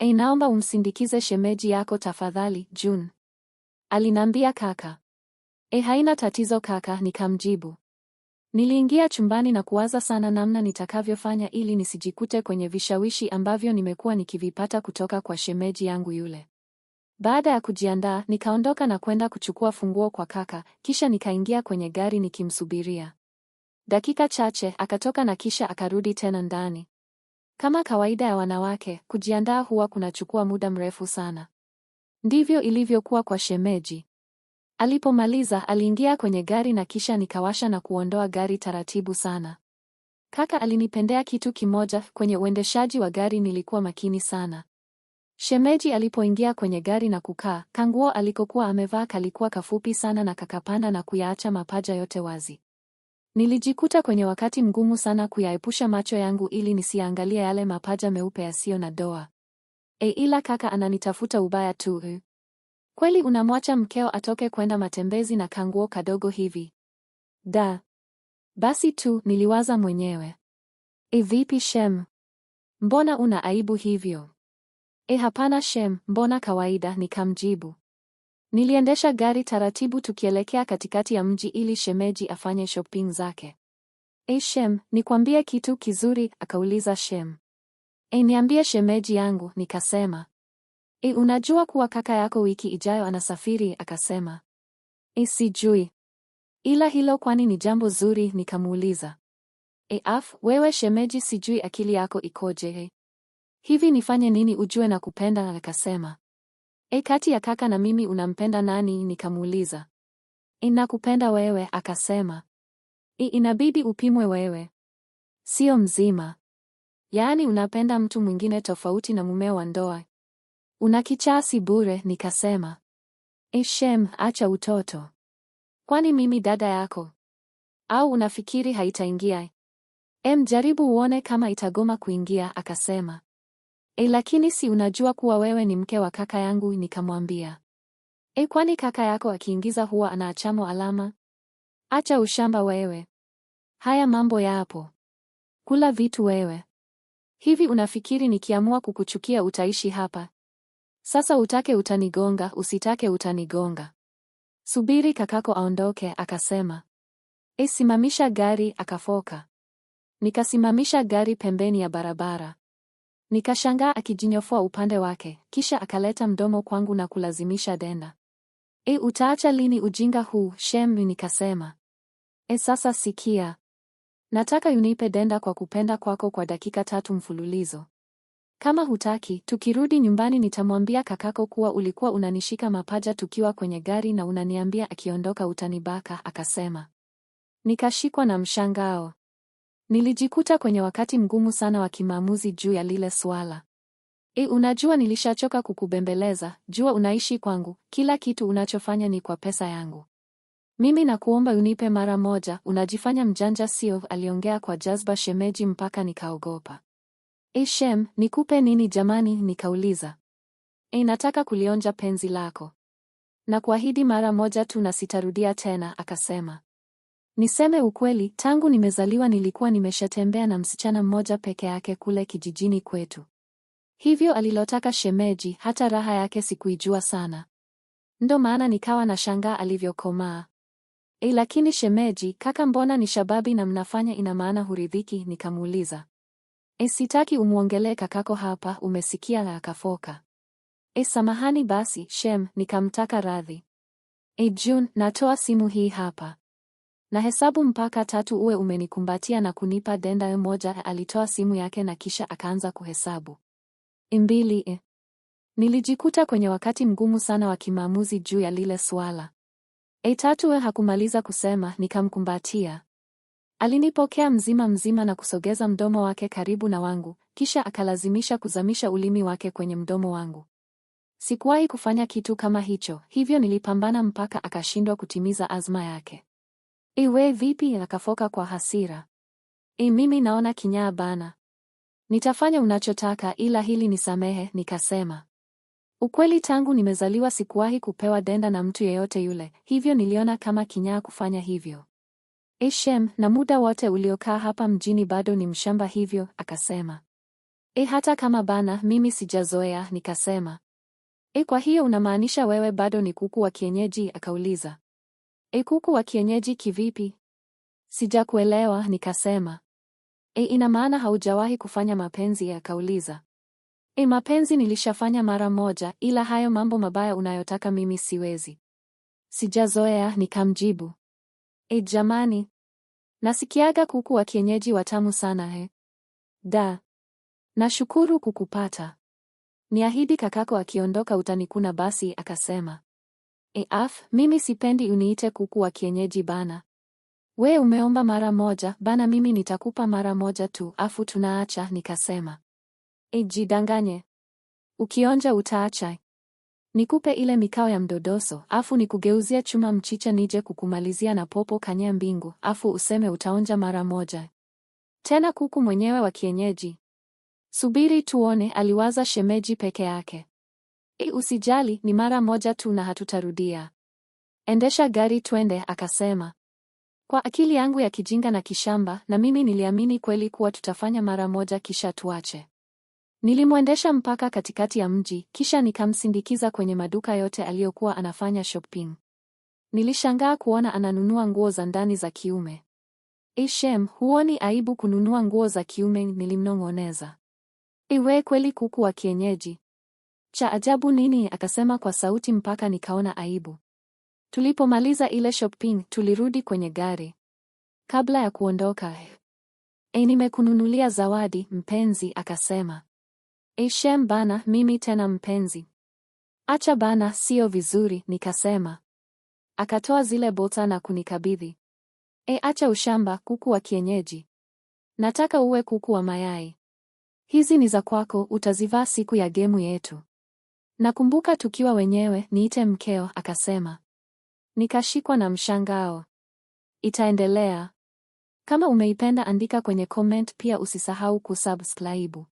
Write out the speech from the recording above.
Ei, naomba umsindikize shemeji yako tafadhali, June, alinambia kaka. E, haina tatizo kaka, nikamjibu. Niliingia chumbani na kuwaza sana namna nitakavyofanya ili nisijikute kwenye vishawishi ambavyo nimekuwa nikivipata kutoka kwa shemeji yangu yule. Baada ya kujiandaa, nikaondoka na kwenda kuchukua funguo kwa kaka, kisha nikaingia kwenye gari nikimsubiria. Dakika chache akatoka na kisha akarudi tena ndani. Kama kawaida ya wanawake, kujiandaa huwa kunachukua muda mrefu sana. Ndivyo ilivyokuwa kwa shemeji. Alipomaliza, aliingia kwenye gari na kisha nikawasha na kuondoa gari taratibu sana. Kaka alinipendea kitu kimoja, kwenye uendeshaji wa gari nilikuwa makini sana. Shemeji alipoingia kwenye gari na kukaa, kanguo alikokuwa amevaa kalikuwa kafupi sana na kakapanda na kuyaacha mapaja yote wazi. Nilijikuta kwenye wakati mgumu sana kuyaepusha macho yangu ili nisiangalie yale mapaja meupe yasiyo na doa. E, ila kaka ananitafuta ubaya tu. Kweli unamwacha mkeo atoke kwenda matembezi na kanguo kadogo hivi? Da. Basi tu, niliwaza mwenyewe. E, vipi Shem? Mbona una aibu hivyo? E, hapana Shem, mbona kawaida, nikamjibu. Niliendesha gari taratibu tukielekea katikati ya mji ili shemeji afanye shopping zake. Ei Shem, nikwambie kitu kizuri, akauliza Shem. Ei, niambie shemeji yangu, nikasema. Ei, unajua kuwa kaka yako wiki ijayo anasafiri? Akasema. Ei, sijui. Ila hilo kwani ni jambo zuri? Nikamuuliza. Ei, af, wewe shemeji, sijui akili yako ikoje. Hivi nifanye nini ujue na kupenda? Akasema. E, kati ya kaka na mimi unampenda nani? Nikamuuliza. Inakupenda wewe, akasema. I, inabidi upimwe wewe, sio mzima. Yaani unapenda mtu mwingine tofauti na mumeo wa ndoa, unakichasi bure. Nikasema, e, shem, acha utoto. Kwani mimi dada yako? Au unafikiri haitaingia? Em, jaribu uone kama itagoma kuingia, akasema. E, lakini si unajua kuwa wewe ni mke wa kaka yangu? Nikamwambia. E, kwani kaka yako akiingiza huwa anaachamo alama? Acha ushamba wewe, haya mambo ya kula vitu wewe. Hivi unafikiri nikiamua kukuchukia utaishi hapa? Sasa utake utanigonga, usitake utanigonga. Subiri kakako aondoke, akasema. E, simamisha gari, akafoka. Nikasimamisha gari pembeni ya barabara. Nikashangaa akijinyofoa upande wake, kisha akaleta mdomo kwangu na kulazimisha denda. E, utaacha lini ujinga huu shemu? Nikasema. E, sasa sikia, nataka unipe denda kwa kupenda kwako kwa dakika tatu mfululizo. Kama hutaki, tukirudi nyumbani nitamwambia kakako kuwa ulikuwa unanishika mapaja tukiwa kwenye gari na unaniambia akiondoka utanibaka, akasema. Nikashikwa na mshangao. Nilijikuta kwenye wakati mgumu sana wa kimaamuzi juu ya lile swala E, unajua nilishachoka kukubembeleza, jua unaishi kwangu, kila kitu unachofanya ni kwa pesa yangu. Mimi nakuomba unipe mara moja, unajifanya mjanja sio? Aliongea kwa jazba shemeji mpaka nikaogopa. E, shem, nikupe nini jamani? Nikauliza. E, nataka kulionja penzi lako. Na kuahidi mara moja tu na sitarudia tena, akasema. Niseme ukweli, tangu nimezaliwa nilikuwa nimeshatembea na msichana mmoja peke yake kule kijijini kwetu. Hivyo alilotaka shemeji, hata raha yake sikuijua sana. Ndo maana nikawa na shangaa alivyokomaa. E, lakini shemeji, kaka mbona ni shababi na mnafanya ina maana huridhiki? Nikamuuliza. E, sitaki umwongelee kakako hapa, umesikia? Na akafoka. E, samahani basi shem, nikamtaka radhi. E, June, natoa simu hii hapa na hesabu mpaka tatu uwe umenikumbatia na kunipa denda. moja. Alitoa simu yake na kisha akaanza kuhesabu. Mbili. E, nilijikuta kwenye wakati mgumu sana wa kimaamuzi juu ya lile swala. E, tatu. we hakumaliza kusema, nikamkumbatia. Alinipokea mzima mzima na kusogeza mdomo wake karibu na wangu, kisha akalazimisha kuzamisha ulimi wake kwenye mdomo wangu. Sikuwahi kufanya kitu kama hicho, hivyo nilipambana mpaka akashindwa kutimiza azma yake. Iwe vipi? Akafoka kwa hasira. I, mimi naona kinyaa bana, nitafanya unachotaka, ila hili nisamehe. Nikasema ukweli, tangu nimezaliwa sikuwahi kupewa denda na mtu yeyote yule, hivyo niliona kama kinyaa kufanya hivyo. Eshem, na muda wote uliokaa hapa mjini bado ni mshamba hivyo, akasema. E, hata kama bana, mimi sijazoea, nikasema. E, kwa hiyo unamaanisha wewe bado ni kuku wa kienyeji? Akauliza. E, kuku wa kienyeji kivipi? Sijakuelewa, nikasema. E, ina maana haujawahi kufanya mapenzi? Akauliza. E, mapenzi nilishafanya mara moja, ila hayo mambo mabaya unayotaka mimi siwezi, sijazoea, nikamjibu. E, jamani, nasikiaga kuku wa kienyeji watamu sana he. Da, nashukuru kukupata. Niahidi kakako akiondoka utanikuna basi, akasema. E af, mimi sipendi uniite kuku wa kienyeji bana. We umeomba mara moja bana, mimi nitakupa mara moja tu, afu tunaacha. Nikasema e, eh, danganye ukionja utaacha. Nikupe ile mikao ya mdodoso, afu nikugeuzia chuma mchicha, nije kukumalizia na popo kanya mbingu, afu useme utaonja mara moja tena, kuku mwenyewe wa kienyeji. Subiri tuone, aliwaza shemeji peke yake. E, usijali, ni mara moja tu na hatutarudia. Endesha gari twende, akasema. Kwa akili yangu ya kijinga na kishamba, na mimi niliamini kweli kuwa tutafanya mara moja kisha tuache. Nilimwendesha mpaka katikati ya mji, kisha nikamsindikiza kwenye maduka yote aliyokuwa anafanya shopping. Nilishangaa kuona ananunua nguo za ndani za kiume. Ishem, huoni aibu kununua nguo za kiume? Nilimnong'oneza. Iwe kweli kuku wa kienyeji cha ajabu nini? akasema kwa sauti mpaka nikaona aibu. Tulipomaliza ile shopping, tulirudi kwenye gari. Kabla ya kuondoka, e, nimekununulia zawadi mpenzi, akasema. E, bana, mimi tena mpenzi? Acha bana, sio vizuri, nikasema. Akatoa zile bota na kunikabidhi. E, acha ushamba, kuku wa kienyeji. Nataka uwe kuku wa mayai. Hizi ni za kwako, utazivaa siku ya gemu yetu. Nakumbuka tukiwa wenyewe, niite mkeo, akasema. Nikashikwa na mshangao. Itaendelea. Kama umeipenda andika kwenye comment, pia usisahau kusubscribe.